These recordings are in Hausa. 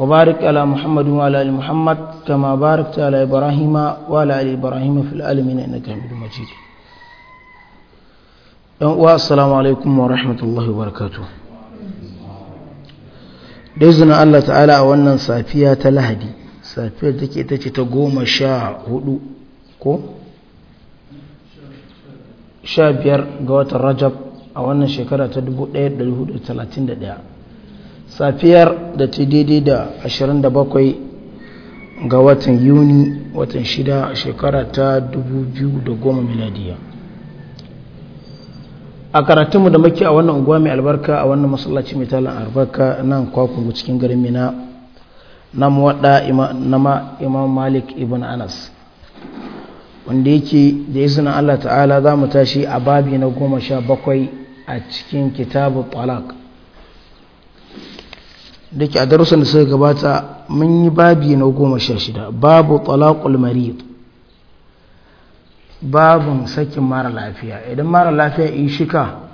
وبارك على محمد muhammad ال محمد كما باركت على ابراهيم وعلى ال ابراهيم في العالمين انك حميد مجيد السلام عليكم ورحمه الله وبركاته da izinin Allah ta'ala a wannan safiya ta lahadi safiyar take ita ce ta goma sha hudu ko? sha biyar ga watan rajab a wannan shekara ta 1431 safiyar da ta daidai da 27 ga watan yuni watan shida shekara ta 2010 miladiya a karatunmu da muke a wannan unguwa mai albarka a wannan masallaci mai talan albarka nan kwakwungu cikin garin mina na muwaɗa imam malik ibn anas wanda yake da izinin allah ta'ala za mu tashi a babi na goma sha bakwai a cikin kitabu talak da ke a darussan da suka gabata mun yi babi na goma sha shida babu talaqul marid babin sakin mara lafiya idan mara lafiya yi shika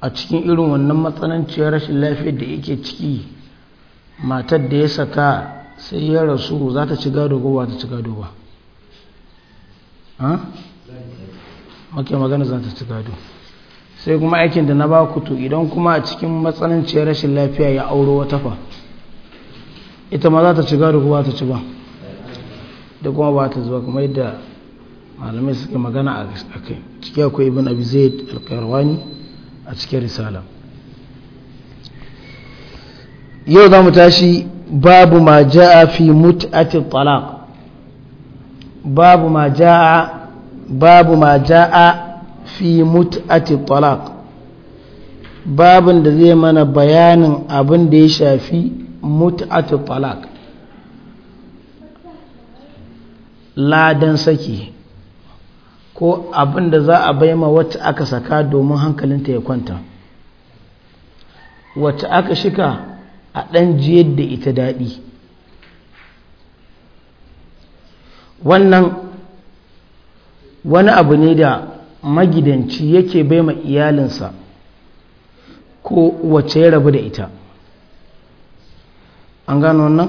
a cikin irin wannan matsananciyar rashin lafiyar da yake ciki matar da ya saka sai ya rasu za ta ci gado ba ta ci gado ba ha? magana za ta ci gado sai kuma aikin da na ba ku to idan kuma a cikin matsananciyar rashin lafiya ya auro wata fa ita ma za ta ci gado ba ta ci ba da kuma ba ta zuwa kuma yadda malamai suke magana a kai ciki akwai ibn abi zaid al-qarwani a cikin risala yau za mu tashi babu ma ja'a fi mut'ati talaq babu ma ja'a babu ma ja'a fi mut'ati talaq babin da zai mana bayanin abin da ya shafi mut'ati talaq ladan saki ko abin da za a baima wacce aka saka domin hankalinta ya kwanta wacce aka shika a ɗan jiyar da ita daɗi wannan wani abu ne da magidanci yake bai ma iyalinsa ko wacce ya rabu da ita an gano nan.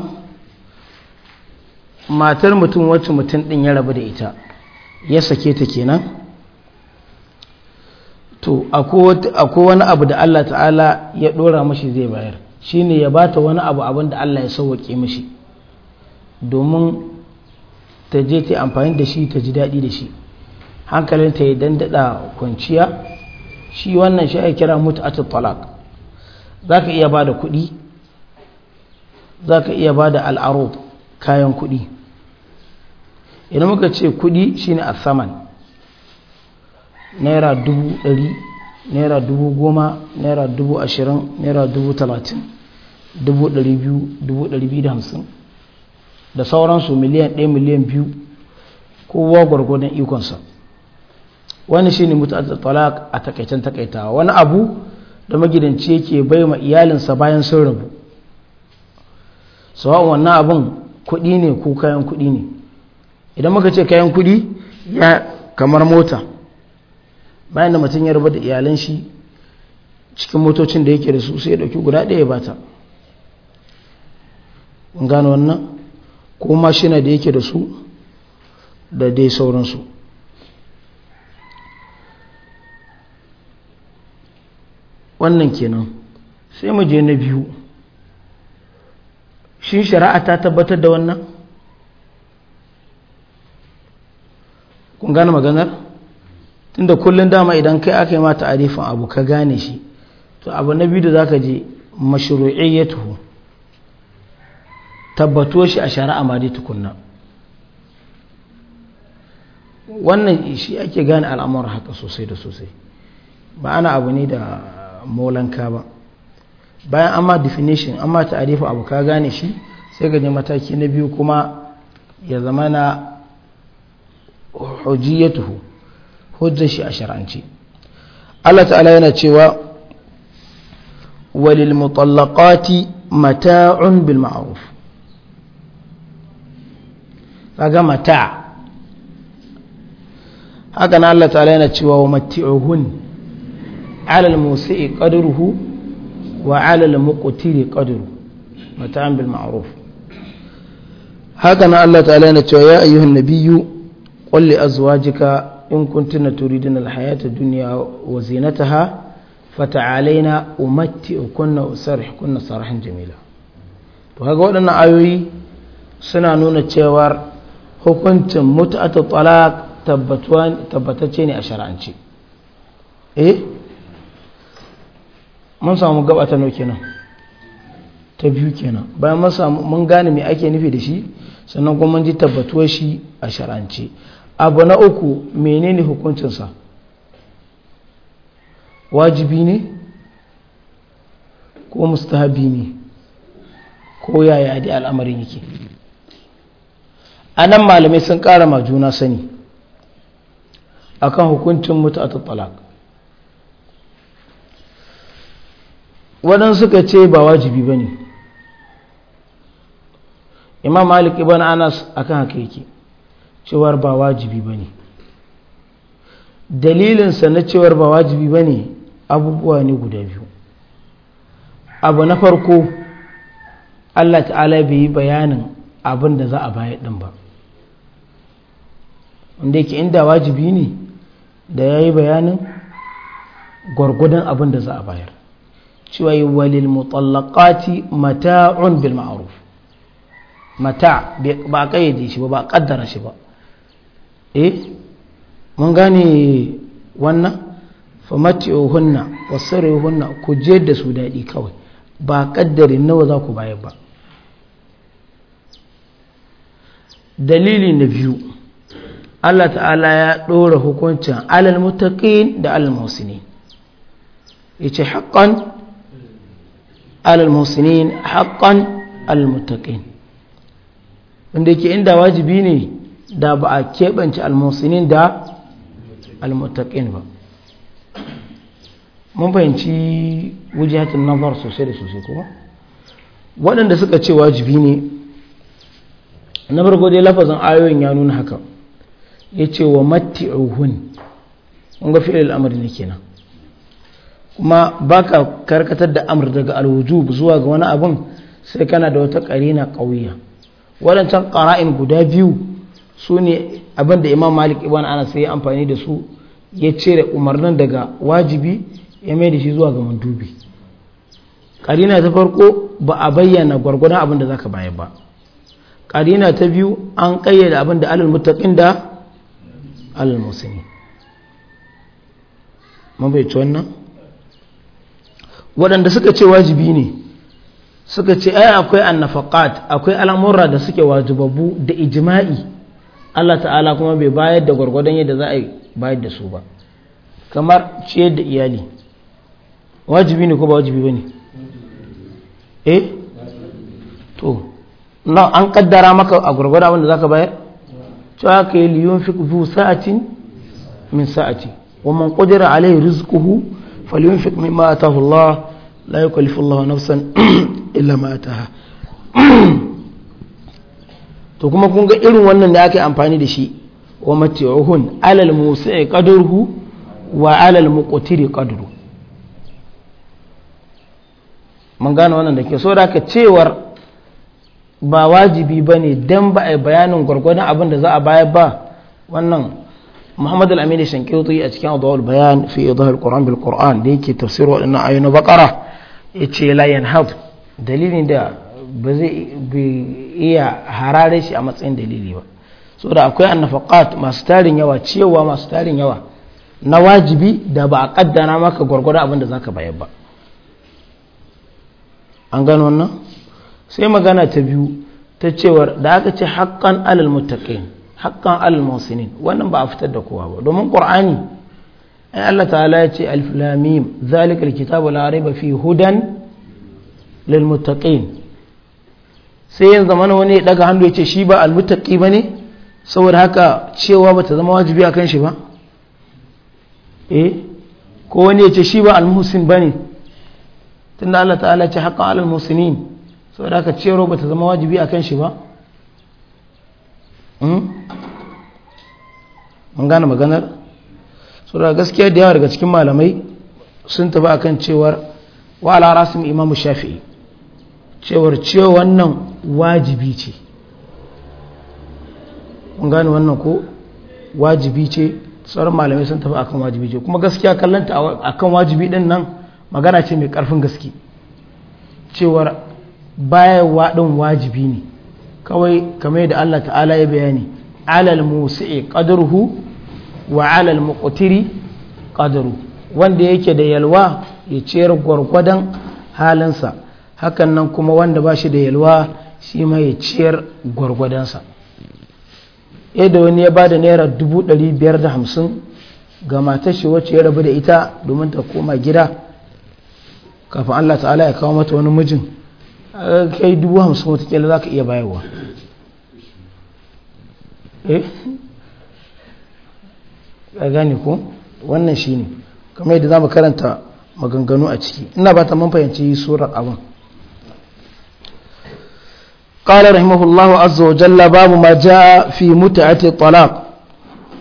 matar mutum wacce mutum ɗin ya rabu da ita ya sake ta kenan to akwai wani abu da Allah ta'ala ya ɗora mashi zai bayar shine ya bata wani abu abin da Allah ya sauwaƙe mashi domin ta je ta amfani da shi ta ji daɗi da shi hankalinta ya dandada kwanciya shi wannan shi ya kira mut'atul Za ka iya bada kuɗi ka iya bada al'aro kayan kuɗi idan muka ce kuɗi a asaman naira dubu ɗari naira dubu goma naira dubu ashirin naira dubu talatin dubu ɗari biyu dubu ɗari biyu da hamsin da sauransu miliyan ɗaya miliyan biyu kowa gwargwadon ikonsa wani shine ne talaq a takaitan takaitawa wani abu da magidanci yake bai ma iyalinsa bayan sun rabu sawa'un wannan abin kuɗi ne ko kayan kuɗi ne idan muka ce kayan kuɗi ya kamar mota bayan da mutum ya rabu da iyalan shi cikin motocin da yake da su sai ya dauki guda ɗaya ba bata gano wannan ko mashina da yake da su da dai sauransu wannan kenan sai mu je na biyu shin shari'a ta tabbatar da wannan kun gane maganar tunda kullum dama idan kai aka yi mata arifin abu ka gane shi to abu na biyu da za ka je ya mashru'iyyatuhu tabbato shi a shari'a ma dai tukunna wannan shi ake gane al'amuran haka sosai da sosai ba ana abu ne da molanka ba bayan amma definition amma ta'arifa abu ka gane shi sai gaji mataki na biyu kuma ya zama na hujjiyatuhu hujjar shi a shar'anci Allah ta'ala yana cewa walil mutallaqati mata'un bil ma'ruf kaga mata' haka na Allah ta'ala yana cewa wa matti'uhun alal musi'i qadruhu wa alal muqtiri qadru mata'an bil ma'ruf haka na Allah ta'ala yana cewa ya ayyuhan nabiyyu qul li jika in kuntunna turidina al hayata dunya wa zinataha fata'alaina umatti'ukunna wa sarihkunna sarahan jamila to kaga waɗannan ayoyi suna nuna cewar hukuncin mutu'atu talaq tabbatacce ne a shar'anci eh mun samu gaba ta nau kenan ta biyu kenan bayan mun samu mun gane me ake nufi da shi sannan kuma mun ji tabbatuwar shi a shar'ance abu na uku menene hukuncinsa wajibi ne ko mustahabi ne ko yaya da al'amarin yake anan malamai sun ƙara ma juna sani akan hukuncin mutu a wadan suka ce ba wajibi ba ne imam malik ibn anas akan haka yake cewar ba wajibi ba ne dalilinsa na cewar ba wajibi ba ne abubuwa ne guda biyu abu na farko allah ta'ala bai yi bayanin abin da za a baya ɗin ba wanda yake inda wajibi ne da ya yi bayanin gwargwadon abin da za a bayar cewa yi walil mutallaqati mata'un bil ma'ruf mata ba a kayyade shi ba ba a kaddara shi ba eh mun gane wannan o hunna ku je da su dadi kawai ba kaddari nawa za ku bayar ba dalili na biyu Allah ta'ala ya dora hukuncin alal mutaqin da alal musulmi ya ce على المحسنين حقا المتقين wanda yake inda wajibi ne da ba a keɓance almusinin da almutaƙin ba mun fahimci wujahatun nazar sosai da sosai kuma waɗanda suka ce wajibi ne na farko dai lafazin ayoyin ya nuna haka ya ce wa matti'uhun kun ga fi'il al'amari ne kenan kuma baka karkatar da amr daga alwujub zuwa ga wani abin sai kana da wata karina kauya wadancan qara'in guda biyu su ne abin da imam malik ibn ana ya amfani da su ya cire umarnin daga wajibi ya mai da shi zuwa ga mandubi Ƙarina ta farko ba a bayyana gwargwadon abin da zaka bayar ba karina ta biyu an kayyade abin da alal muttaqin da alal muslimin mun wannan waɗanda suka ce wajibi ne suka ce ai akwai annafaqat akwai al'amurra da suke wajibabu da ijma'i Allah ta'ala kuma bai bayar da gwargwadon yadda za a bayar da su ba kamar ciyar da iyali wajibi ne ko ba wajibi ba ne eh to na an kaddara maka a gwargwadon wanda za ka bayar cewa ka yi liyun fi zu sa'atin min sa'ati wa man qadara alaihi rizquhu فلينفق مما آتاه الله لا يكلف الله نفسا إلا ما آتاها to kuma kun ga irin wannan da aka yi amfani da shi wa mati'uhun alal musa'i qadruhu wa alal muqtiri qadru mun gane wannan da ke so da cewar ba wajibi bane dan ba a bayanin gwargwadon abin da za a bayar ba wannan muhammad al-amin ya shanke a cikin adawar bayan fi idahar qur'an bil qur'an da yake tafsir waɗannan na bakara ya ce layan had dalilin da ba zai iya harare shi a matsayin dalili ba so da akwai annafaqat masu tarin yawa cewa masu tarin yawa na wajibi da ba a kaddana maka gwargwado abin da zaka bayar ba an gano wannan sai magana ta biyu ta cewar da aka ce haƙƙan alal muttaqin haƙƙan al-musinin wannan ba a fitar da kowa ba domin qur'ani ai Allah ta'ala ya ce alif lam mim zalikal kitabu la raiba fi hudan lil muttaqin sai yanzu zaman wani ya daga hannu ya ce shi ba al-muttaqi bane saboda haka cewa bata zama wajibi akan shi ba eh ko wani ya ce shi ba al-muhsin bane tunda Allah ta'ala ya ce haqqan al-musinin saboda haka cewa bata zama wajibi akan shi ba an hmm? gane maganar so da gaskiya da yawa daga cikin malamai sun tafi akan cewar wa ala rasim imamu shafi'i cewar cewa wannan wajibi ce kun gane wannan ko wajibi ce sauran malamai sun tafi akan wajibi ce kuma gaskiya kallanta akan wajibi din nan magana ce mai karfin gaske cewar baya waɗin wajibi ne kawai kamar da Allah ta'ala ya bayani alal musi'i qadruhu wa alal muqtiri qadru wanda yake da yalwa ya ciyar gwargwadon halinsa hakan nan kuma wanda ba shi da yalwa shi ma ya ciyar gwargwadonsa yadda wani ya ba da naira dubu ɗari biyar da hamsin, ga shi wacce ya rabu da ita domin ta koma gida kafin Allah ta'ala ya kawo mata wani mijin kai dubu hamsin watakila za ka iya bayarwa eh a gani ku wannan shi ne kamar yadda za mu karanta maganganu a ciki ina ba ta manfayanci surar abin قال رحمه الله عز وجل باب ما جاء في متعة الطلاق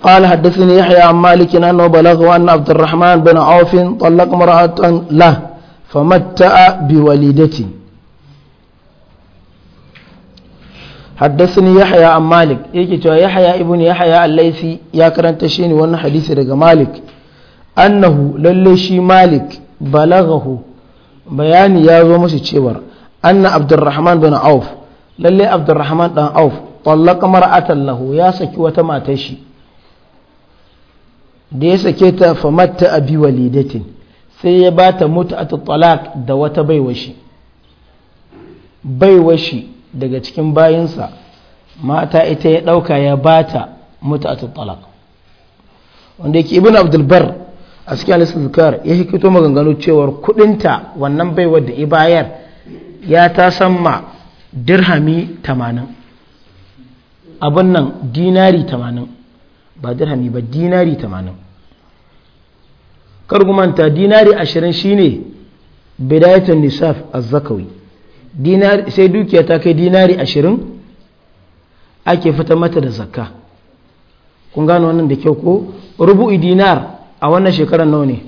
قال حدثني يحيى عن مالك أنه بلغ أن عبد الرحمن بن عوف طلق مرأة له فمتأ بوليدته haddasani yahya a malik yake cewa yahya ibn yahya a laisi ya karanta shi ne wannan hadisi daga malik annahu lalle shi malik balagahu bayani ya zo masa cewar anna abdurrahman bin auf lalle abdurrahman dan auf tallaka mar'atan lahu ya saki wata matar shi da ya sake ta famatta abi walidatin sai ya bata mutu a talak da wata baiwashi baiwashi daga cikin bayinsa mata ita ya ɗauka ya bata a tattala wanda yake ibn abdulbar a cikin alisar ya hikito maganganu cewar kudinta wannan baiwar da ibayar ya ta sama dirhami 80 abin nan dinari 80 ba dirhami ba dinari 80 kargumanta dinari ashirin shine bidayatun nisaf az-zakawi sai dukiya ta kai dinari ashirin ake fita mata da zakka kun gano wannan da kyau ko rubu'i dinar a wannan shekarar nawa ne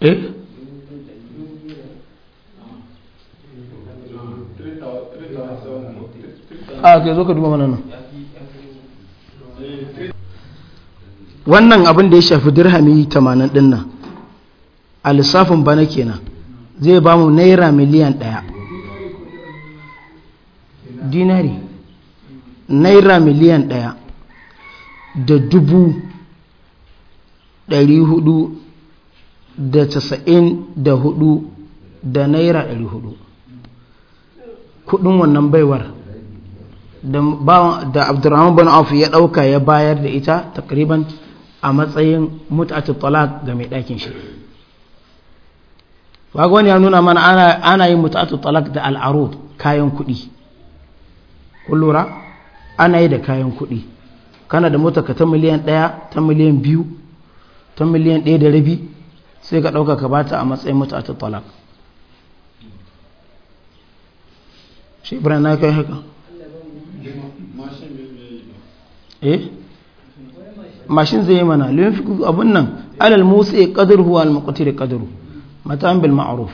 eh a ah, ke zo ka duba mana nan wannan abin da ya shafi dirhami 80 dinnan. a lissafin bana kenan zai ba mu naira miliyan ɗaya dinari naira miliyan ɗaya da dubu ɗari hudu da casa'in da hudu da naira ɗari hudu kudin wannan baiwar da abdurrahman bin auf ya ɗauka ya bayar da ita takriban a matsayin mutu ga mai ɗakin shi wago ne ya nuna mana ana yin mutatu talak da al'arud kayan kuɗi kullura ana yi da kayan kuɗi kana da motarka ta miliyan ɗaya ta miliyan biyu ta miliyan ɗaya da rabi sai ka ɗauka ka bata a matsayin mutatu talak shi ibrahim na kai haka eh mashin zai yi mana liyun fi abun nan alal musa ya ƙadar huwa al-maƙwatar ƙadaru mata'an bil ma'ruf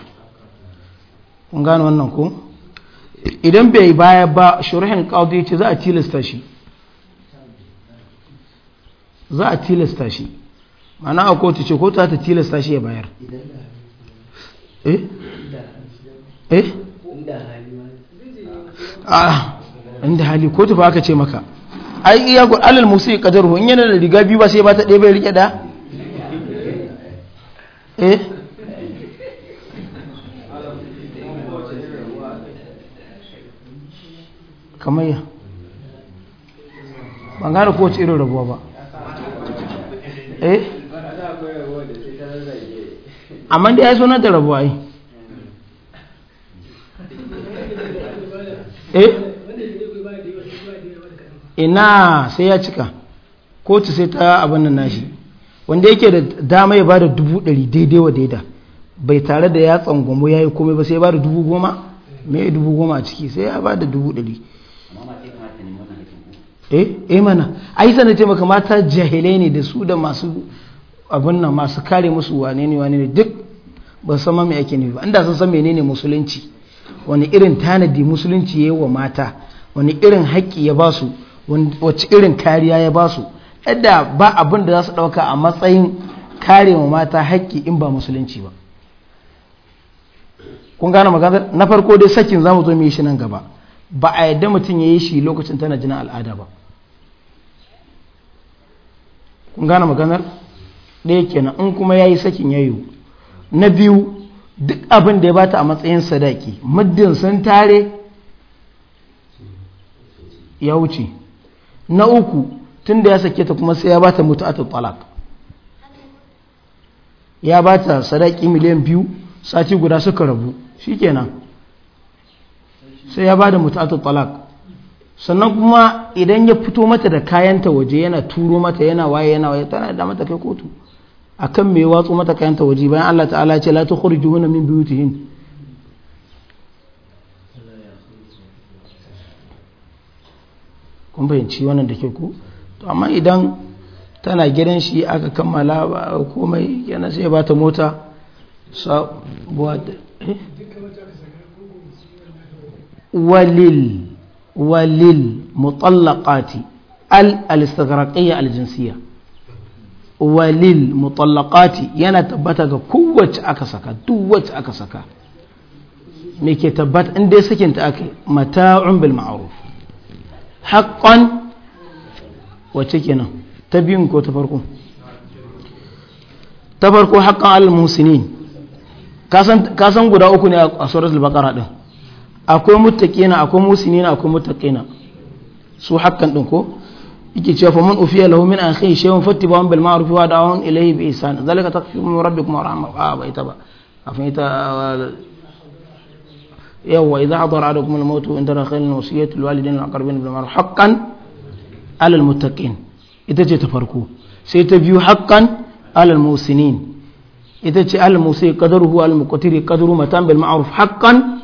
kun gane wannan ko idan bai baya ba shurhin qadi ce za a tilasta shi za a tilasta shi mana a kotu ce kotu ta tilasta shi ya bayar eh eh ah, inda hali kotu ba aka ce maka ai iya gu alal musu kadar in yana da riga biyu ba sai ba ta ɗaya bai rike da eh kamar ya ban gane kowace irin rabuwa ba eh amma da ya so na da rabuwa yi eh ina sai ya cika kowace sai ta abin nan nashi wanda yake da dama ya da dubu ɗari daidai wa daida bai tare da ya tsangwamo ya yi komai ba sai ya ba da dubu goma mai dubu goma a ciki sai ya ba da dubu ɗari Eh, eh mana ai sai ce maka mata jahilai ne da su da masu abin nan masu kare musu wane ne wane ne duk ba san ma me ake nufi ba inda sun san menene musulunci wani irin tanadi musulunci yayi wa mata wani irin haƙƙi ya ba su wacce irin kariya ya ba su yadda ba abin da za su ɗauka a matsayin kare wa mata haƙƙi in ba musulunci ba kun gane magana na farko dai sakin za mu zo mu yi shi nan gaba ba a yadda mutum ya yi shi lokacin tana jinin al'ada ba kun gane maganar ɗaya kenan in kuma ya yi sakin yayo na biyu duk abin da ya bata a matsayin sadaki muddin sun tare ya wuce na uku tun da ya sake ta kuma sai ya bata a talaq ya bata sadaki miliyan biyu sati guda suka rabu shi shikenan sai ya bada mutu a talaq sannan kuma idan ya fito mata da kayanta waje yana turo mata yana waye yana waye tana da mata kai kotu akan me watsu mata kayanta waje bayan Allah ta'ala ce la tukhrijuhunna min buyutihin kun bayanci wannan da ke ku to amma idan tana gidan shi aka kammala komai yana sai ba ta mota buwa da eh? walil walil mutallaqati al al-istighraqiyya al-jinsiyya walil mutallaqati yana tabbata ga kowace aka saka duk wacce aka saka me ke tabbata in dai sakinta aka mata'un bil ma'ruf haqqan wacce kenan ta ko al guda uku ne a suratul baqara din akwai muttaqina akwai musinina akwai muttaqina su hakkan din ko yake cewa faman ufiya lahu min akhihi shay'un fattiba'un bil ma'ruf wa da'un ilayhi bi ihsan zalika takfiru min rabbikum wa rahmah ah ba ita ba afin ita yawa idza hadara alaikum al maut in tara khairan wasiyatu lil walidayni wal aqrabin bil ma'ruf haqqan ala al muttaqin ita ce ta farko sai ta biyu haqqan ala al musinin ita ce al musi qadaruhu al muqtiri qadaru matan bil ma'ruf haqqan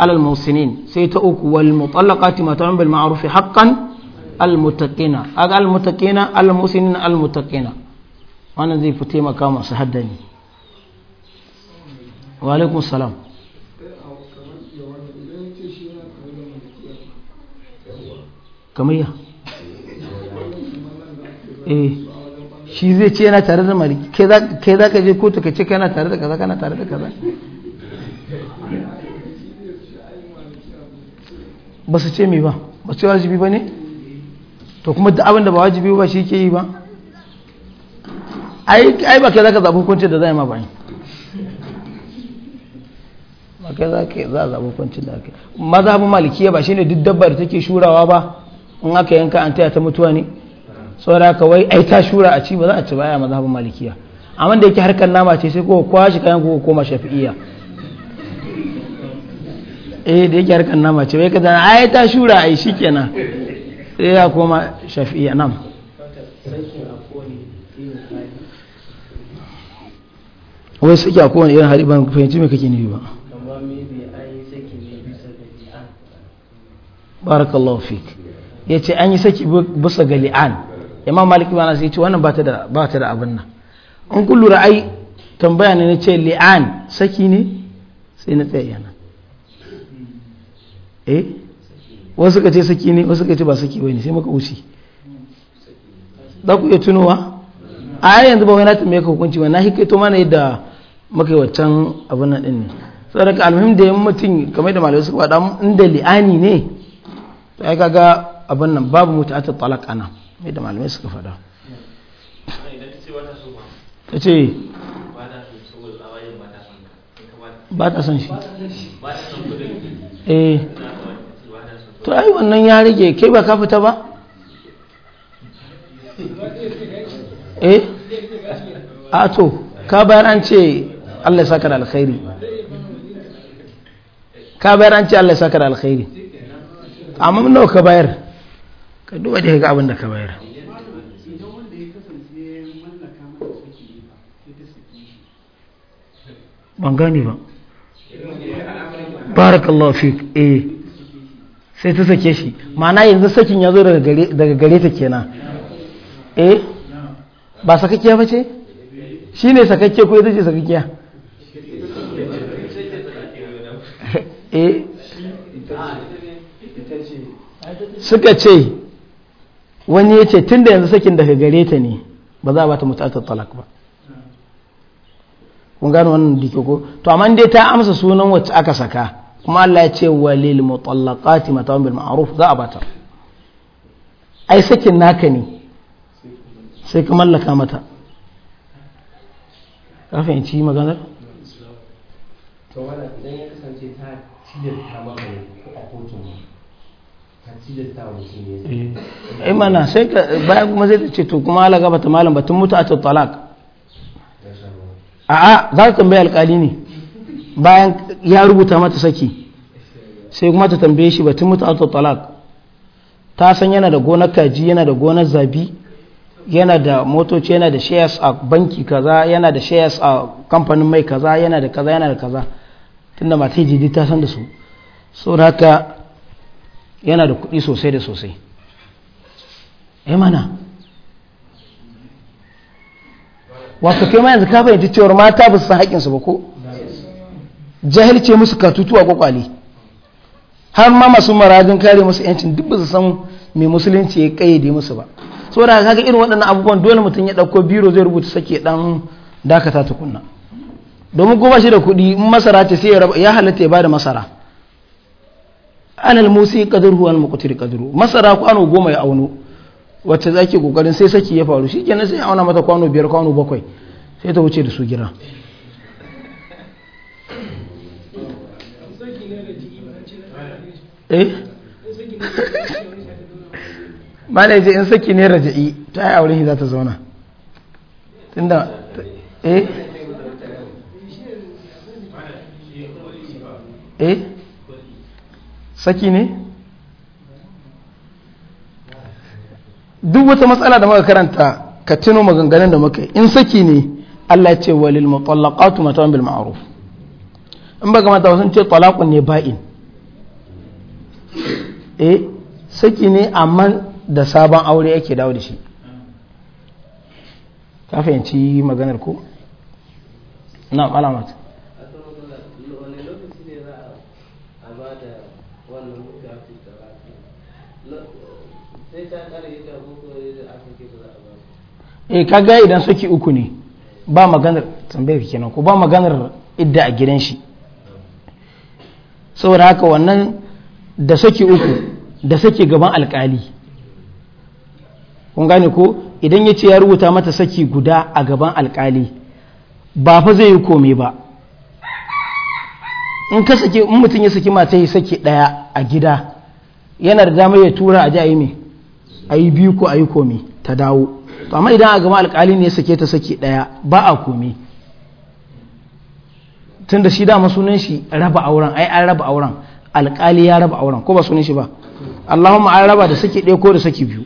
على الموسنين سيتوك والمطلقات ما تعمل بالمعروف حقا المتقينة هذا المتقينة المحسنين المتقينة وانا ذي فتيمة كاما سهدني وعليكم السلام kamar eh shi zai كذا كذا كذا كذا كذا كذا كذا كذا كذا كذا كذا ba su ce mai ba ba su wajibi ba ne to kuma da abin da ba wajibi ba shi ke yi ba ai ba kai za ka zaɓi hukuncin da zai ma bayan ba kai za ka za zaɓi hukuncin da aka yi mazhabin malikiya ba shi ne duk dabbar take shurawa ba in aka yanka an taya ta mutuwa ne saboda kawai ai ta shura a ci ba za a ci baya mazhabin malikiya amma da yake harkar nama ce sai ko kwashi kayan ko koma shafi'iya eh da yake harkar nama ce bai kaza a ai ta shura ai shikenan sai ya koma shafi'a nan. wai saki a kowane irin hari ban fahimci mai kake nufi ba barakallahu fik ya ce an yi saki busa ga li'an imam malik ba na sai ce wannan ba ta da abin nan An kullura ai tambaya ne na ce li'an saki ne sai na tsaye yana eh wasu ka ce saki ne wasu ka ce ba saki bane sai muka wuce za ku iya tunowa a yanzu ba wai na tambaye ka hukunci ba na to mana yadda muka yi waccan abin nan din ne saboda ka almuhim da yan mutum kamar da malamai suka faɗa da li'ani ne to ai kaga abin nan babu mutu ta talaq ana mai da malamai suka faɗa ta ce ba ta son shi eh to ai wannan ya rage kai ba ka fita ba eh ato ka bayar an ce Allah saka da alkhairi ka bayar an ce Allah saka da alkhairi amma nawa ka bayar ka duba da ga abin da ka bayar ban gani ba barakallahu fik eh sai ta sake shi ma'ana yanzu sakin ya zo daga gare ta kenan eh ba sakakkiya ba ce shi ne sakakke ko ya ce sakakkiya eh suka ce wani ya ce tun da yanzu sakin daga gare ta ne ba za a ba ta mutu'atar talak ba kun gano wannan dike ko to amma dai ta amsa sunan wacce aka saka kuma Allah ya ce walil mutallaqati mata'un bil ma'ruf za a bata ai sakin naka ne sai ka mallaka mata ka fahimci maganar to wala idan ya kasance ta ta maka a kotun eh, ai mana sai ka bayan kuma zai ce to kuma ala gaba ta malam batun mutu a talak a'a za ka tambaya alkali ne bayan ya rubuta mata saki sai kuma ta tambaye shi batun mutu talak ta san yana da gonar kaji yana da gonar zabi yana da motoci yana da shares a banki kaza yana da shares a kamfanin mai kaza yana da kaza yana da kaza tunda matai jidi ta san da su da haka yana da kuɗi sosai da sosai ya eh mana wasu kai ma yanzu ka fahimci cewar mata ba su san haƙƙinsu ba ko jahilce musu a kwakwale har ma masu maradin kare musu yancin duk ba su san mai musulunci ya kayyade musu ba da kaga irin waɗannan abubuwan dole mutum ya ɗauko biro zai rubuta sake ɗan dakata tukunna domin goma shi da kuɗi in masara ce sai ya halatta ya bada masara anal musi qadruhu al muqtir qadru masara kwano goma ya auno wacce ake kokarin sai saki ya faru shikenan sai ya auna mata kwano biyar kwano bakwai sai ta wuce da su gira eh malai in saki ne raja'i ta yi aure za ta zauna tunda eh eh saki ne duk wata matsala da muka karanta ka tuno maganganun da muka in saki ne Allah ce walil mutallaqatu matan bil ma'ruf in baka mata sun ce talaqun ne ba'in e saki ne amma da sabon aure yake dawo da shi ka fahimci maganar ko na alamat e eh, kaga idan saki uku ne ba maganar tambayar kenan ko ba maganar idda a gidan shi saboda haka wannan da saki uku da saki gaban alkali kun gane ko idan ya ce ya rubuta mata saki guda a gaban alkali ba fa zai yi komai ba in ka saki in mutum ya saki mata yi saki daya a gida yana da damar ya tura a ji a yi biyu ko ayi yi ta dawo to amma idan a gaban alkali ne ya sake ta saki daya ba a komai tunda shi dama sunan shi raba auren ai an raba auren alƙali ya raba auren ko ba su ne shi ba Allahumma an raba da saki ɗaya ko da saki biyu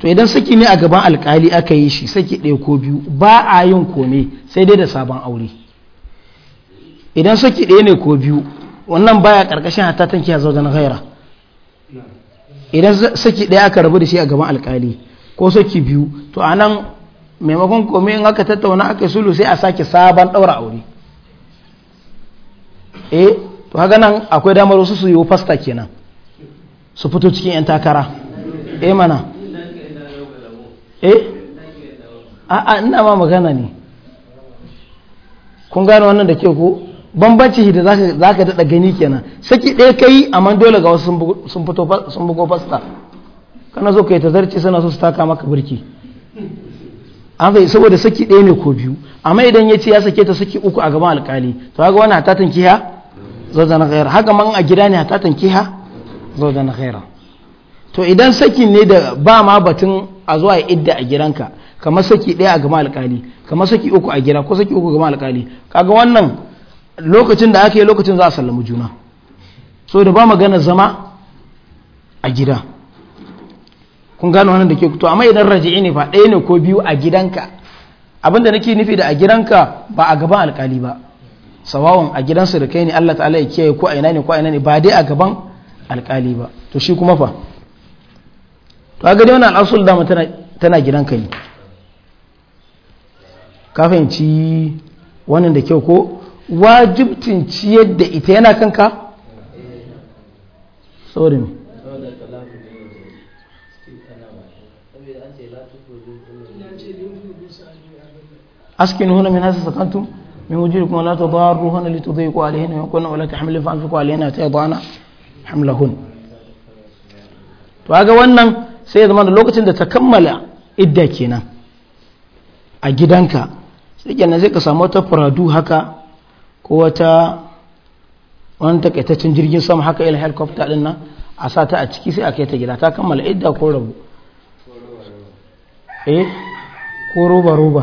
to idan saki ne a gaban alƙali aka yi shi saki ɗaya ko biyu ba a yin kome sai dai da sabon aure idan saki ɗaya ne ko biyu wannan baya ƙarƙashin hatta tanki ya zaune na gaira idan saki ɗaya aka rabu da shi a gaban alƙali ko saki biyu to a nan maimakon kome in aka tattauna aka yi sulu sai a sake sabon ɗaura aure eh to haka nan akwai damar wasu su yi fasta kenan su fito cikin 'yan takara eh mana eh a'a ina ma magana ne kun gane wannan da ke ko bambanci da za ka daɗa gani kenan saki ɗaya ka yi amma dole ga wasu sun fito sun bugo fasta kana zo ka yi tazarci suna so su taka maka birki an zai saboda saki ɗaya ne ko biyu amma idan ya ce ya sake ta saki uku a gaban alkali to ga wani hatatan kiya zauja na khaira haka man a gida ne hatta tankiha zauja na khaira to idan saki ne da ba ma batun a zuwa idda a gidanka kamar saki ɗaya a gama alƙali kamar saki uku a gida ko saki uku gama alƙali kaga wannan lokacin da aka yi lokacin za a sallama juna so da ba magana zama a gida kun gano wannan da ke to amma idan raji'i ne fa ɗaya ne ko biyu a gidanka abinda nake nufi da a gidanka ba a gaban alƙali ba sawawan a da kai ne Allah ta'ala ya kiyaye ko a ina ne ko a ina ne ba dai a gaban alkali ba to shi kuma fa to ga dai wannan al'asul dama tana tana gidanka ne ka fahimci wannan da kyau ko wajibtin ciyar da ita yana kanka sorry me askin huna min hasa sakantum من وجودكم ولا تضاروهن لتضيقوا عليهن ويكون ولا تحمل فأنفقوا عليهن تيضعن hamlahun to ga wannan sai ya zama da lokacin da ta kammala idda kenan a gidanka sai kenan sai ka samu wata faradu haka ko wata wani takaitaccen jirgin sama haka ila helicopter din nan a sa ta a ciki sai a kai ta gida ta kammala idda ko rabu eh ko roba roba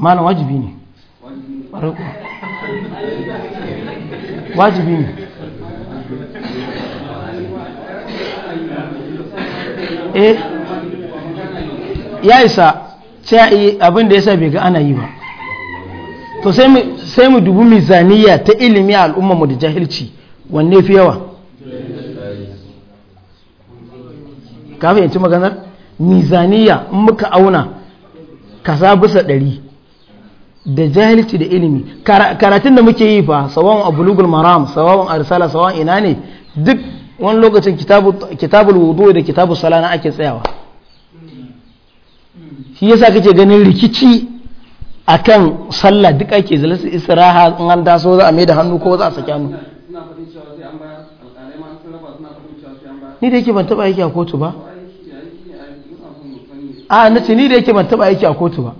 malam wajibi ne wajibi ne eh ya isa sai abin da ya sa bai ga ana yi ba to sai mu dubi mizaniya ta ilimi a al'ummarmu da jahilci wanne fi yawa ka yanci maganar mizaniya muka auna kaza bisa ɗari da jahilci da ilimi karatun da muke yi fa sawan a bulugul maram sawan a risala sawan ina ne duk wani lokacin kitabul wudu da kitabul sala na ake tsayawa shi yasa kake ganin rikici akan sallah duk ake zalasu Israha, in an taso za a mai da hannu ko za a saki hannu ni da yake ban taba yake a kotu ba a nace ni da yake ban taba aiki a kotu ba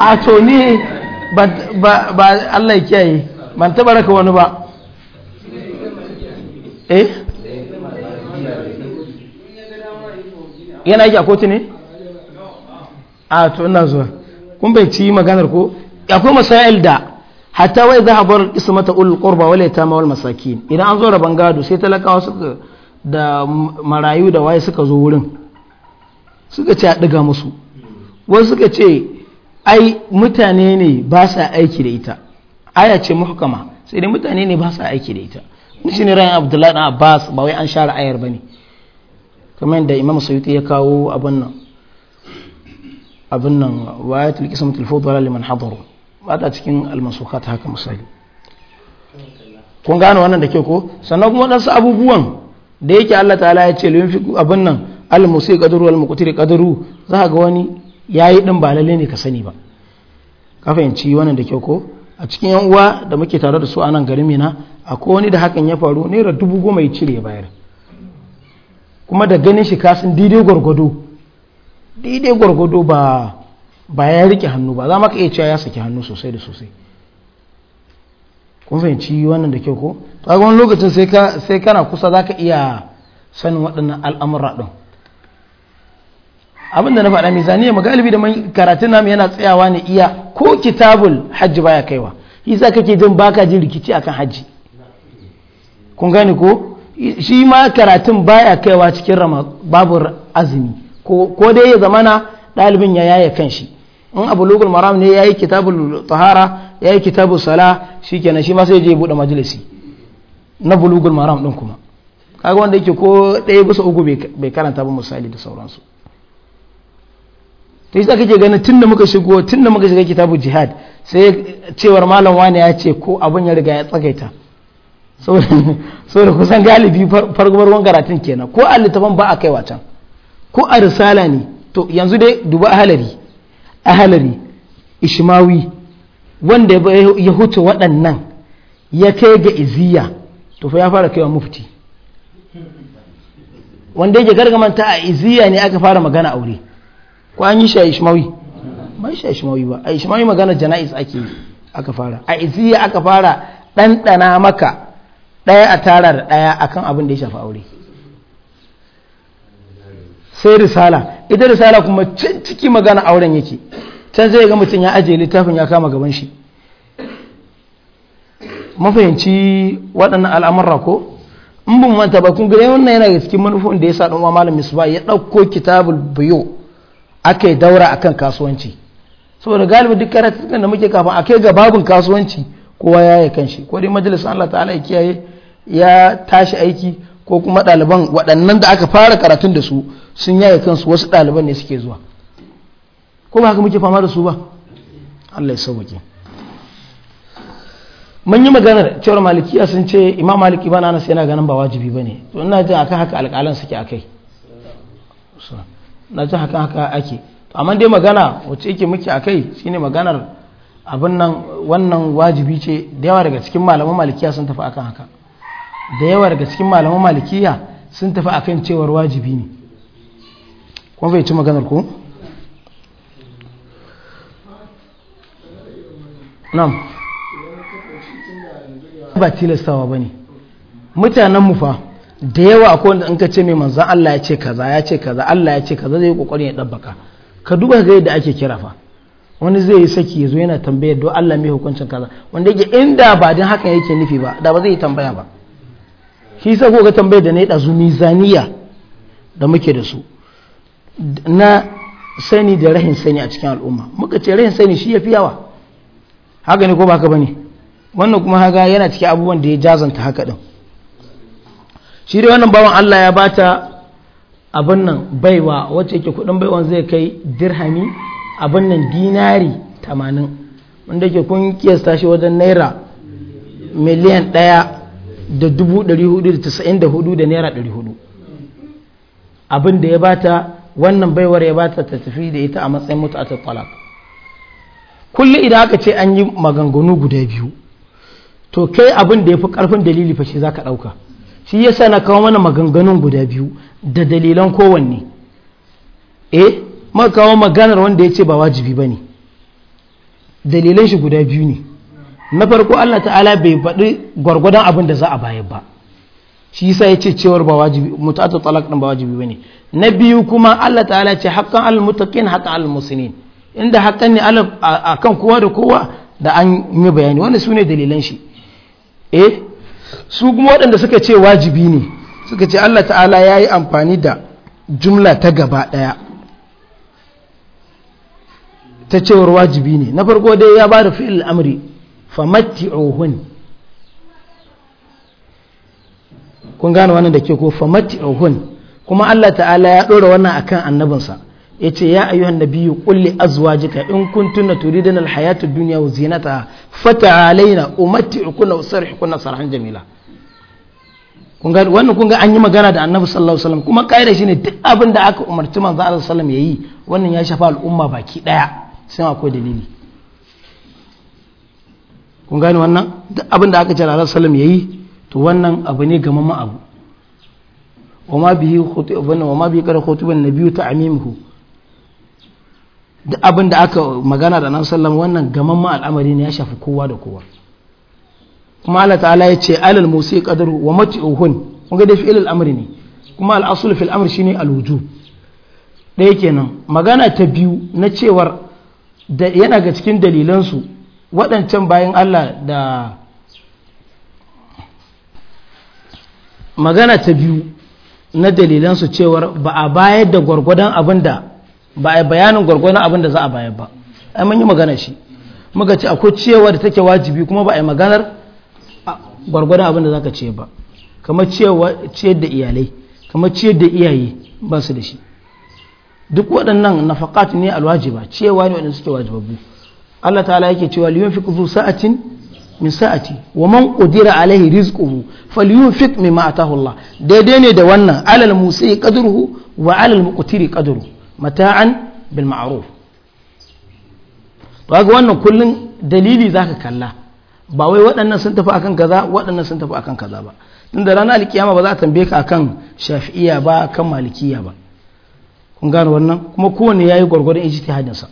a to ni ba Allah ya kiyaye ban taba raka wani ba eh yana aiki a kotu ne a to ina zuwa kun bai ci maganar ko akwai masail da hatta wai za a bar ismata ul qurba wal yatama wal masakin idan an zo raban gado sai talakawa suka da marayu da waye suka zo wurin suka ce a diga musu wasu suka ce ai mutane ne ba sa aiki da ita aya ce muhkama sai dai mutane ne ba sa aiki da ita shi ne rayan abdullahi dan abbas ba wai an share ayar ba ne kamar yadda imam sayuti ya kawo abin nan abin nan wayatul da wani liman hadaru ba ta cikin ta haka misali kun gane wannan da ke ko sannan kuma waɗansu abubuwan da yake Allah ta'ala ya ce limin fi abin nan ya musiqadru wal ya qadru za ga wani ya yi ɗin ba lalle ne ka sani ba ka fahimci wannan da kyau ko a cikin yan uwa da muke tare da su a nan garin mina akwai wani da hakan ya faru naira dubu goma ya cire ya bayar kuma da ganin shi kasin daidai gwargwado daidai gwargwado ba ba ya rike hannu ba za maka iya cewa ya saki hannu sosai da sosai kun fahimci wannan da kyau ko ta wani lokacin sai kana kusa ka iya sanin waɗannan al'amura ɗin abin da na faɗa mizaniya mu galibi da mun karatun namu yana tsayawa ne iya ko kitabul hajji baya kaiwa sa kake jin baka jin rikici akan hajji kun gane ko shi ma karatun baya kaiwa cikin rama babu azumi ko dai ya zamana ɗalibin ya yaye kanshi in abu lugul maram ne yayi kitabul tahara yayi kitabul sala shikenan shi ma sai je bude majalisi na bulugul maram ɗin kuma kaga wanda yake ko ɗaya bisa uku bai karanta ba misali da sauransu to yasa kake ganin da muka shigo da muka shiga kitabu jihad sai cewar malam wani ya ce ko abin ya riga ya tsakaita saboda kusan galibi farko karatun kenan ko a littafin ba a kai wacan ko a risala ne to yanzu dai duba ahalari ahalari ishmawi wanda ya huce waɗannan ya kai ga iziya to fa ya fara kaiwa mufti wanda yake gargamanta a iziya ne aka fara magana aure ko an yi shi a ishmawi ba shi a ishmawi ba a ishmawi magana jana'is ake aka fara a iziya aka fara ɗanɗana maka ɗaya a tara da ɗaya akan abin da ya shafi aure sai risala ita risala kuma can ciki magana auren yake can zai ga mutum ya ajiye littafin ya kama gaban shi mafahimci waɗannan al'amurra ko in bin manta ba kun gare wannan yana cikin manufofin da ya sa ɗan wa malam misba ya ɗauko kitabul biyo ake daura kan kasuwanci saboda galibi duk karatun da muke kafin a kai ga babin kasuwanci kowa ya yi kanshi ko kodin majalisar Allah ta ya kiyaye ya tashi aiki ko kuma ɗaliban waɗannan da aka fara karatun da su sun yaye kansu wasu ɗaliban ne suke zuwa ko ba haka muke fama da su ba Allah ya sauke mun yi maganar cewar malikiya sun ce imam maliki bana anas yana ganin ba wajibi ne to ina jin akan haka alƙalan suke akai na ji haka haka ake to amma dai magana wacce yake muke akai shine maganar abin nan wannan wajibi ce da yawa daga cikin malaman malikiya sun tafi akan haka da yawa daga cikin malaman malikiya sun tafi akan cewar wajibi ne kuma bai ci maganar ku nam ba tilastawa ba ne mutanen mu fa da yawa akwai wanda in ka ce mai manzan Allah ya ce kaza ya ce kaza Allah ya ce kaza zai yi kokarin ya dabbaka ka duba ga yadda ake kira fa wani zai yi saki ya zo yana tambayar don Allah mai hukuncin kaza wanda yake inda ba din ya yake nufi ba da ba zai yi tambaya ba shi sa ko ga tambayar da na yi ɗazu zaniya da muke da su na sani da rahin sani a cikin al'umma muka ce rahin sani shi ya fi yawa haka ne ko ba haka ba wannan kuma haka yana cikin abubuwan da ya jazanta haka din shi dai wannan bawan Allah ya bata abin nan baiwa wacce yake kudin baiwan zai kai dirhami abin nan dinari 80 wanda ke kun kiyasta shi wajen naira miliyan 1 da 494 da naira 400 abin da ya bata wannan baiwar ya bata ta tafi da ita a matsayin a talaq Kulli idan aka ce an yi maganganu guda biyu to kai abin da ya fi karfin dalili fashe za ka ɗauka. shi yasa na kawo mana maganganun guda biyu da dalilan kowanne eh ma kawo maganar wanda ya ce ba wajibi ba ne dalilan shi guda biyu ne na farko allah ta'ala bai faɗi gwargwadon abin da za a bayar ba shi yasa ya ce cewar ba wajibi mutata talak ba wajibi ba ne na biyu kuma allah ta'ala ce hakan al hakan haƙƙan al-muslimin inda haƙƙan ne akan kowa da kowa da an yi bayani wannan su ne dalilan shi eh su kuma waɗanda suka ce wajibi ne suka ce Allah ta'ala ya yi amfani da jumla ta gaba ɗaya ta cewar wajibi ne na farko dai ya ba da fi'il amri ohun kun gane wannan da ke ko ohun kuma Allah ta'ala ya ɗora wannan akan annabinsa yace ya ayyuhan nabiyyu qul li azwajika in kuntunna turidna alhayata ad-dunya wa zinata fata'alaina umatti'ukunna wa sarihkunna sarhan jamila kun ga wannan kun ga an yi magana da annabi sallallahu alaihi wasallam kuma kaida shine duk abin da aka umarci manzo Allah sallallahu alaihi yayi wannan ya shafa al'umma baki daya sai akwai dalili kun gane wannan duk abin da aka ce Allah sallallahu alaihi yayi to wannan abu ne ma abu وما به خطيب وما به قال خطيب النبي تعميمه duk abin da aka magana da nan sallam wannan gaman ma al'amari ne ya shafi kowa da kowa kuma Allah ta'ala ya ce alal musi qadaru wa mat'uhun kun ga da ilal amri ne kuma al'asul fil amr shine al-wujub ɗaya kenan magana ta biyu na cewar da yana ga cikin dalilan su waɗancan bayan Allah da magana ta biyu na dalilan su cewar ba a bayar da gwargwadon abin da ba a bayanin gwargwadon abin da za a bayar ba a mun yi magana shi muka ce akwai cewa da take wajibi kuma ba a yi maganar gwargwadon abin da za ka ce ba kamar ciyar da iyalai kamar ciyar da iyaye ba su da shi duk waɗannan nafaƙat ne alwajiba cewa ne waɗanda suke wajibabbu Allah ta'ala yake cewa liyun fi zu sa'atin min sa'ati wa man qudira alaihi rizquhu falyunfiq mimma atahu Allah daidai ne da wannan alal musi qadruhu wa alal mukutiri qadruhu mata'an bil ma'ruf to ga wannan kullun dalili zaka kalla ba wai waɗannan sun tafi akan kaza waɗannan sun tafi akan kaza ba tunda ranar alkiyama ba za a tambaye ka akan shafi'iyya ba akan malikiyya ba kun gane wannan kuma kowanne yayi gurgurdan ijtihadin sa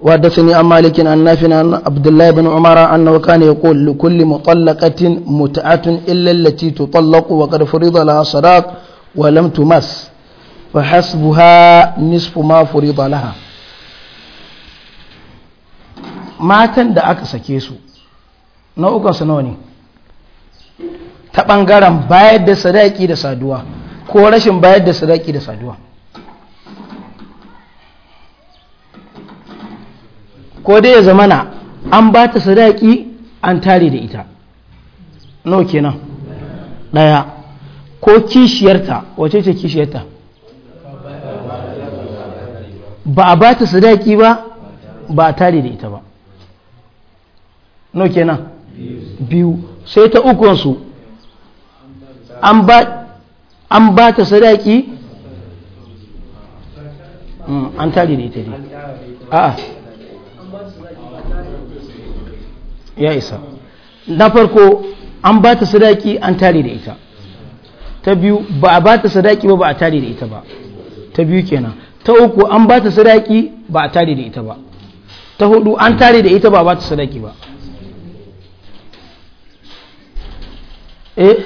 وحدثني عن مالك عن نافع عن عبد الله بن عمر انه كان يقول لكل مطلقه متعه الا التي تطلق وقد فرض لها صداق ولم تمس فحسبها نصف ما فرض لها matan da aka sake su nau'ukansu nawa ne ta ɓangaren bayar da sadaki da saduwa ko rashin bayar da sadaki da saduwa ko dai ya zamana an ba ta sadaki an tare da ita nawa kenan ɗaya ko kishiyarta wace ce kishiyarta ba a ba ta sadaki ba ba a tare da ita ba nawa kenan biyu sai ta ukunsu an ba ta sadaki hmm, an tare da ita ne a'a ya isa na farko an ba ta sadaki an tare da ita ta biyu ba a ba ta sadaki ba ba a tare da ita ba ta biyu kenan ta uku an ba ta sadaki ba a tare da ita ba ta hudu an tare da ita ba ba ta sadaki ba eh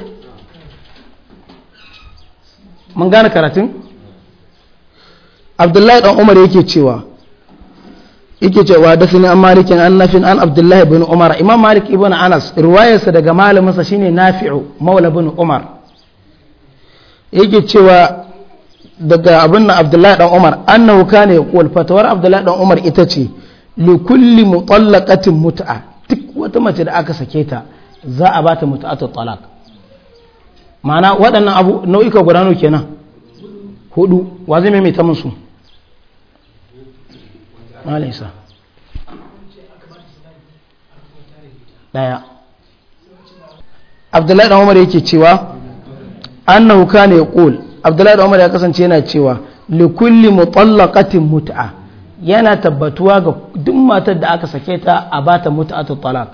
mun gane karatun abdullahi dan umar yake cewa yake cewa da sunan an malikin an an abdullahi bin umar imam malik ibn anas riwayarsa daga malaminsa shine nafi'u maula bin umar yake cewa daga abin na abdullahi dan umar annahu kana yaqul fatawar abdullahi dan umar ita ce li kulli mutallaqatin mut'a duk wata mace da aka sake ta za a bata mut'atu talaq ma'ana waɗannan abu nau'ika guda kenan hudu wa zai maimaita musu malin daya abdullahi da umar yake cewa annahu kana yaqul abdullahi da umar ya kasance yana cewa li kulli mutallaqatin mut'a yana tabbatuwa ga duk matar da aka sake ta a bata mut'atu talaq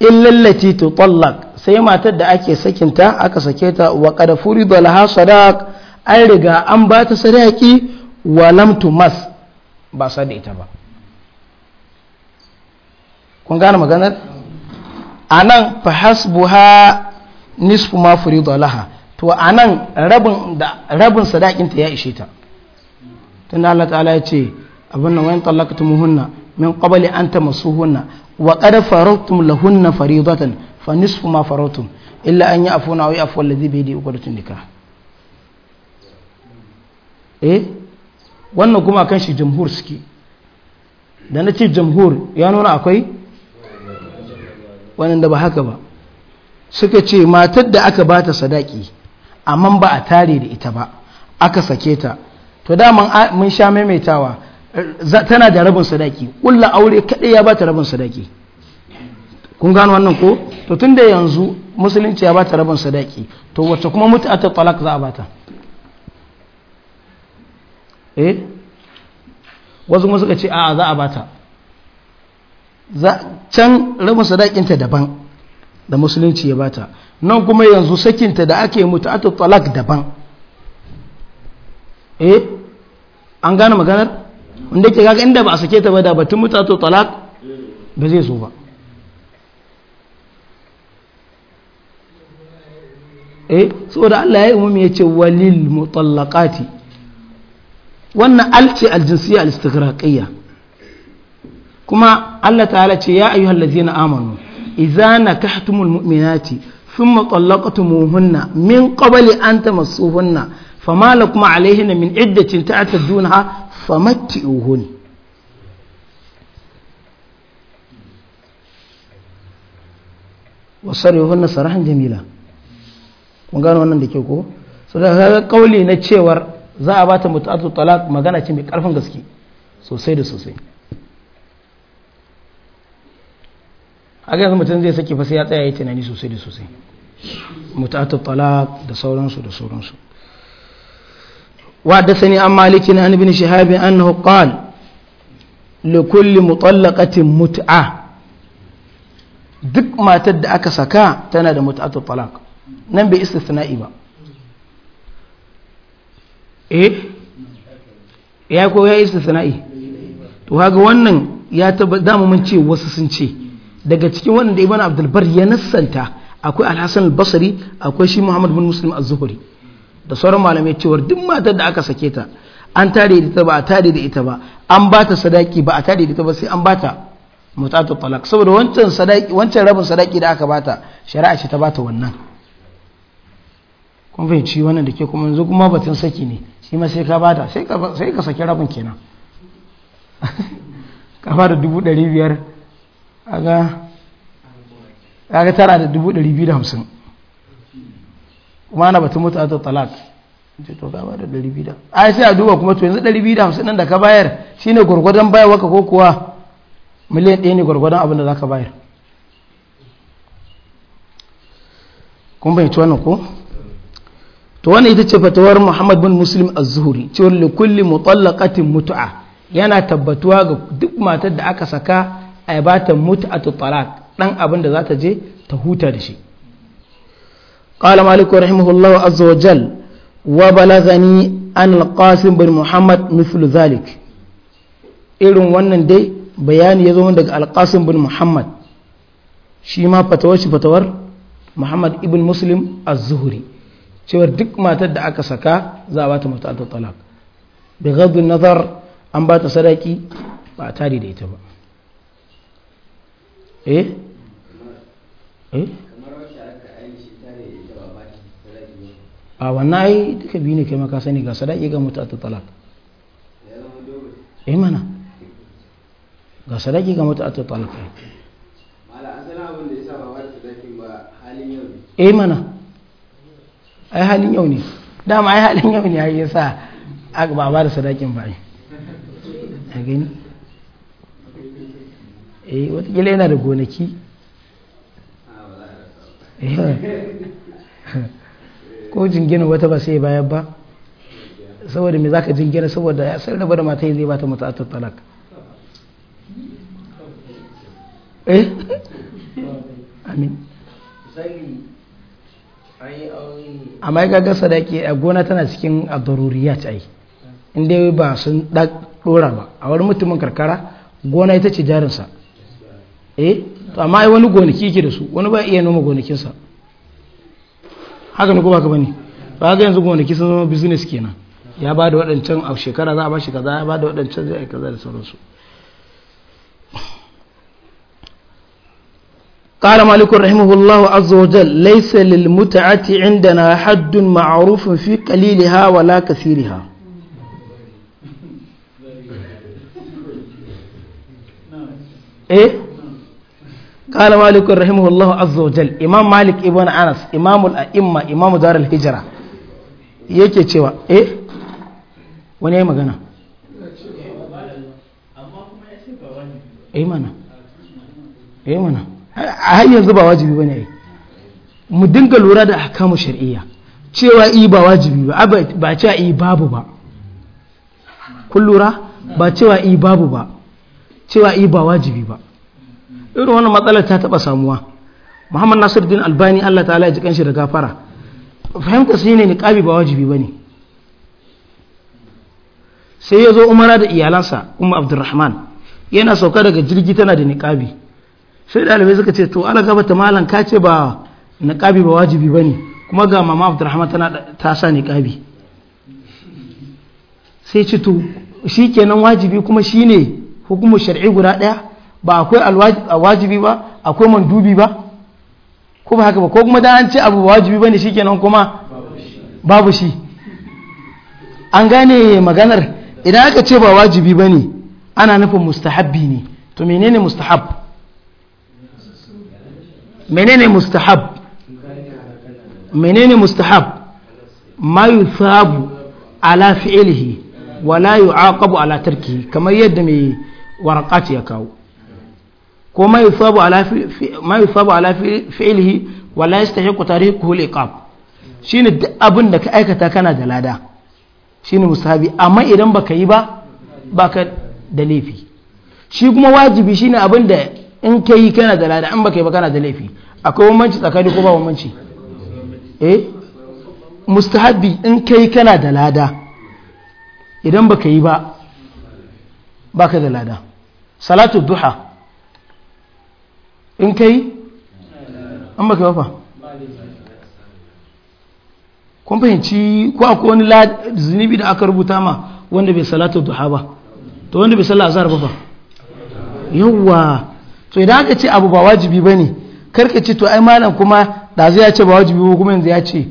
lallati tutallaq sai matar da ake sakin ta aka sake ta wa qad furida laha sadaq an riga an bata sadaki wa lam tumas ba sa da ita ba kun gane maganar a nan fa hasbuha nisfu ma furidu laha to a nan rabin sadakinta ya ishe ta tun Allah ta'ala ya ce abin nan wayan muhunna min kwabali an ta hunna wa qad faradtum lahunna faridatan fa nisfu ma faradtum illa an yi ya'funa aw ya'fu alladhi da yadihi uqdatun nikah eh wannan kuma kan shi jamhur suke da na ce jamhur ya nuna akwai wannan da ba haka ba suka ce matar da aka bata sadaki amma ba a tare da ita ba aka sake ta to da mun sha maimaitawa tana da rabin sadaki ƙulla aure kaɗai ya bata rabin sadaki kun gano wannan ko to tun da yanzu musulunci ya bata rabin sadaki to wacce kuma mutu a talak za a bata Eh? wasu kuma suka ce a za a bata can raba sadakinta daban da musulunci ya bata nan kuma yanzu sakinta da ake mutu a talak daban eh an gane maganar wanda ke kaga inda ba a sake ta ba da batun mutu a talak ba zai zo ba eh saboda Allah ya yi umumi ya ce walil mutallaqati wannan alce aljinsiya al-istighraqiyya kuma Allah ta'ala ce ya ayyuhal na amanu idza nakahtumul mu'minati thumma muhunna min qabli an tamassuhunna fama lakum alayhinna min iddatin ta'taddunha famatti'uhunna wasarihunna sarahan jamila kun gano wannan da ke ko so da kaga kauli na cewar za a bata mutu'atu talaq magana ce mai karfin gaske sosai da sosai a ga yanzu mutum zai saki fa sai ya tsaya ya tunani sosai da sosai mutu'atu talaq da sauransu da sauransu an عن مالك عن shahabi شهاب أنه قال kulli مطلقة mut'a duk matar da aka saka tana da mutu'atul talaq nan bai istisna'i ba eh ya ko ya sana'i to haka wannan ya taba ce wasu sun ce daga cikin wannan da Ibn Abdul Bar ya nassanta akwai Al-Hasan basri akwai shi Muhammad bin Muslim Az-Zuhri da sauran malamai cewa duk matar da aka sake ta an tare da ita ba a tare da ita ba an ba ta sadaki ba a tare da ita ba sai an ba ta mutatu talak saboda wancan sadaki wancan rabin sadaki da aka bata shari'a ce ta bata wannan bai fahimci wannan da ke kuma yanzu kuma batun saki ne shi ma sai ka bada sai ka saki rabin kenan ka bada dubu dari biyar a ga tara da dubu dari biyu da hamsin kuma ana batun mutu ta talak ce to ka bada dari biyu da ai sai a duba kuma to yanzu dari biyu da hamsin nan da ka bayar shi ne gwargwadon bayarwa ka ko kuwa miliyan ɗaya ne gwargwadon abin da za ka bayar kun ci wannan ko to wannan ita ce fatawar Muhammad bin Muslim az-Zuhri cewar li kulli mutallaqatin mut'a yana tabbatuwa ga duk matar da aka saka a bata mut'atu talaq dan abin da za ta je ta huta da shi rahimahullah مالك رحمه الله wa وجل an al-qasim bin muhammad mithlu zalik irin wannan dai bayani ya zo daga al-qasim bin muhammad shi ma fatawar shi fatawar muhammad ibn muslim az-zuhri cewar duk matar da aka saka za a bata mata talak bi ghaddu nazar an ba ta sadaki ba a tari da ita ba eh eh a wannan ai duka biyu ne kai maka sani ga sadaki ga mutu talak eh mana ga sadaki ga mutu talak eh mana ai halin yau ne dama ai halin yau ne ya sa a ba ba da sadakin ba a gani eh watakila yana da gonaki eh. ko jingina wata ba sai bayan ba saboda me zaka jingina saboda ya san da mata zai bata mata a talak eh amin amma ya ga sadaki a gona tana cikin adaruriya ta yi inda ba sun ɗora ba a wani mutumin karkara gona ita ce jarinsa eh to amma wani gonaki yake da su wani ba iya noma gonakinsa haka ne ko ba ka bane ba ga yanzu gonaki sun zama business kenan ya ba da waɗancan a shekara za a ba shi kaza ya ba da waɗancan zai kaza da sauransu قال مالك رحمه الله عز وجل ليس للمتعة عندنا حد معروف في قليلها ولا كثيرها إيه قال مالك رحمه الله عز وجل إمام مالك ابن أنس إمام الأئمة إمام دار الهجرة yake cewa eh wani ya yi magana eh mana eh mana a hanyar zuba ba wajibi ba ne mu dinga lura da ahkamu shar'iyya cewa iya ba wajibi ba ba cewa iya babu ba kun lura ba cewa iya babu ba cewa iya ba wajibi ba irin wannan matsalar ta taba samuwa muhammad din albani allah ta'ala ya ji kanshi da gafara fahimta sai ne niƙabi ba wajibi ba ne sai ya zo umara da iyalansa kuma abdurrahman yana sauka daga jirgi tana da niƙabi. sai dalibai suka ce to ala gaba ta malam ka ce ba niqabi ba wajibi ba ne kuma ga mama abdurrahman tana ta sa niqabi sai ce to shi kenan wajibi kuma shi ne hukumar shari'i guda ɗaya ba akwai wajibi ba akwai mandubi ba ko ba haka ba ko kuma da an ce abu ba wajibi ba ne shi kenan kuma babu shi an gane maganar idan aka ce ba wajibi ba ne ana nufin mustahabbi ne to menene mustahab menene mustahab menene mustahab ma yuthabu ala fi'lihi wa la yu'aqabu ala tarki kamar yadda mai warqati ya kawo ko ma yuthabu ala ma yuthabu ala fi'lihi wa la yastahiqu tariquhu al-iqab shine duk abin da ka aikata kana da lada shine mustahabi amma idan baka yi ba baka da laifi shi kuma wajibi shine abin da in ka yi kana da lada in baka yi ba kana da laifi akwai wamanci tsakani ko ba wamanci eh mustahabi in ka yi kana da lada idan baka yi ba baka da lada salatu duha in ka yi an baka ba kun fahimci ko akwai wani zunubi da aka rubuta ma wanda bai salatu duha ba to wanda bai sallah azhar ba ba yawwa so idan aka ce abu ba wajibi ba ne karka ce to ai malam kuma da zai ya ce ba wajibi ba kuma yanzu ya ce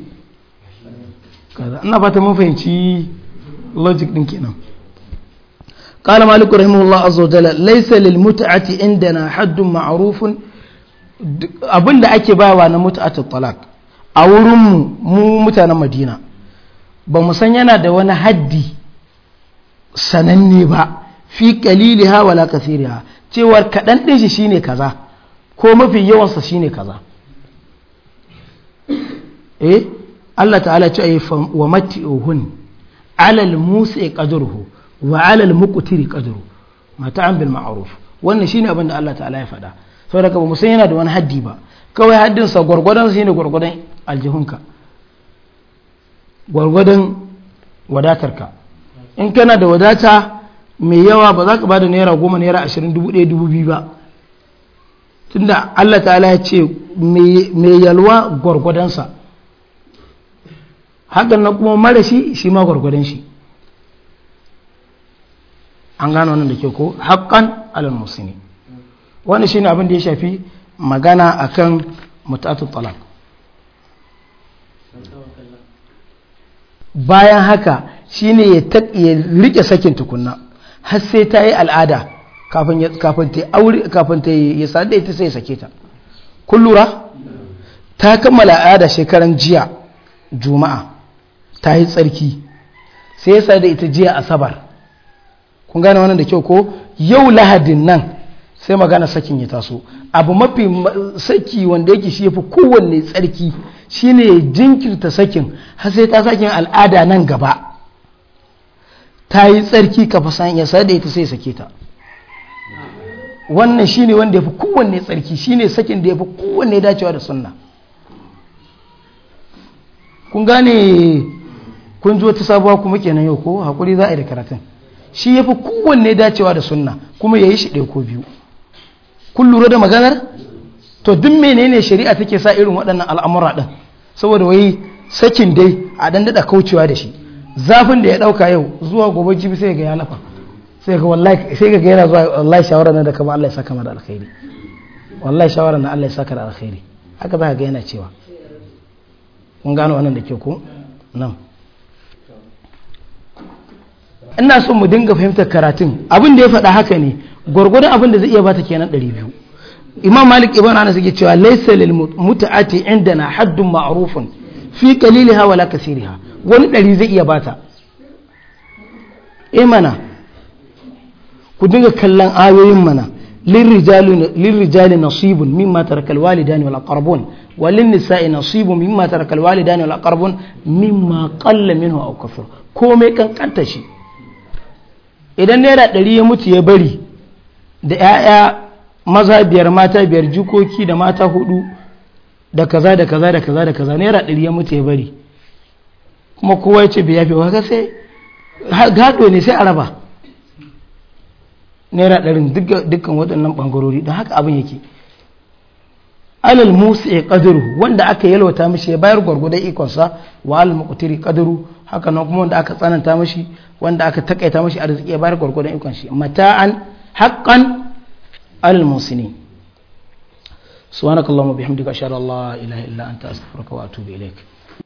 ina fata mun fahimci logic din kenan قال مالك رحمه الله عز وجل ليس للمتعة عندنا حد معروف abin da ake bawa na mutu'atul a wurin mu mutanen madina ba mu san yana da wani haddi sananne ba fi kaliliha wala kasiriha cewar kaɗan ɗin shi shine kaza ko mafi yawansa shine kaza eh Allah ta'ala ce ayi wa mati'uhun alal musa qadruhu wa al muqtiri qadru mata'an bil ma'ruf wannan shine abin da Allah ta'ala ya faɗa saboda ka ba musan yana da wani haddi ba kawai haddin sa gurgurdan shine gurgurdan aljihunka gwargwadon wadatarka in kana da wadata mai yawa ba za ka ba da naira goma naira ashirin dubu ɗaya dubu biyu ba tunda allah ta'ala ya ce mai yalwa gwargwadonsa hakan na kuma mara shi shi ma gwargwadon shi an gano wannan da ke ko haƙƙan alal musulmi wani shi ne abin da ya shafi magana a kan mutatun talak bayan haka shi ne ya rike sakin tukunna har sai ta yi al'ada kafin ta aure kafin ta ya sa da ita sai sake ta kun lura ta kammala al'ada shekaran jiya juma'a ta yi tsarki sai ya sa da ita jiya asabar kun gane wannan da kyau ko yau lahadin nan sai magana sakin ya taso abu mafi saki wanda yake shi yafi kowanne tsarki shine jinkirta sakin har sai ta sakin al'ada nan gaba ta yi tsarki ka fasan ya sada ita sai sake ta wannan shine wanda ya fi kowanne tsarki shine sakin da ya fi kowanne dacewa da sunna kun gane kun ji wata sabuwa kuma kenan yau ko hakuri za a yi da karatun shi ya fi kowanne dacewa da sunna kuma ya yi shi ɗaya ko biyu kun lura da maganar to duk menene shari'a take sa irin waɗannan al'amura ɗin saboda wai sakin dai a ɗan daɗa kaucewa da shi zafin da ya dauka yau zuwa gobe jibi sai ga ya lafa sai ga wallahi sai ga yana zuwa wallahi shawara na da kama Allah ya saka mana alkhairi wallahi shawara na Allah ya saka da alkhairi haka ba ga yana cewa kun gano wannan da ke ku nan ina son mu dinga fahimtar karatun abin da ya faɗa haka ne gwargwadon abin da zai iya bata kenan 200 imam malik ibn anas yake cewa laysa lil mut'ati indana haddun ma'rufun fi qalilha wala kasiriha wani ɗari zai iya bata e mana ku dinga kallon ayoyin mana lirrijali nasibun min matar kalwali daniel karbon, walin nisa'i nasibun min matar kalwali daniel karbon min ma kalla min hau kafir ko mai kankanta shi idan naira ɗari ya mutu ya bari da ya'ya maza biyar mata biyar jikoki da mata hudu da kaza da kaza da kaza da kaza naira ɗari ya mutu ya bari kuma kowa ya ce bai yafe wa sai gado ne sai a raba naira ɗarin dukkan waɗannan ɓangarori don haka abin yake alal musa ya ƙadiru wanda aka yalwata mashi ya bayar gwargwadon ikonsa wa al muqtiri ƙadiru haka kuma wanda aka tsananta mashi wanda aka takaita mashi arziki ya bayar gwargwadon ikon shi mata'an haƙƙan alal musini subhanakallahumma bihamdika an la ilaha illa anta astaghfiruka wa atubu ilaik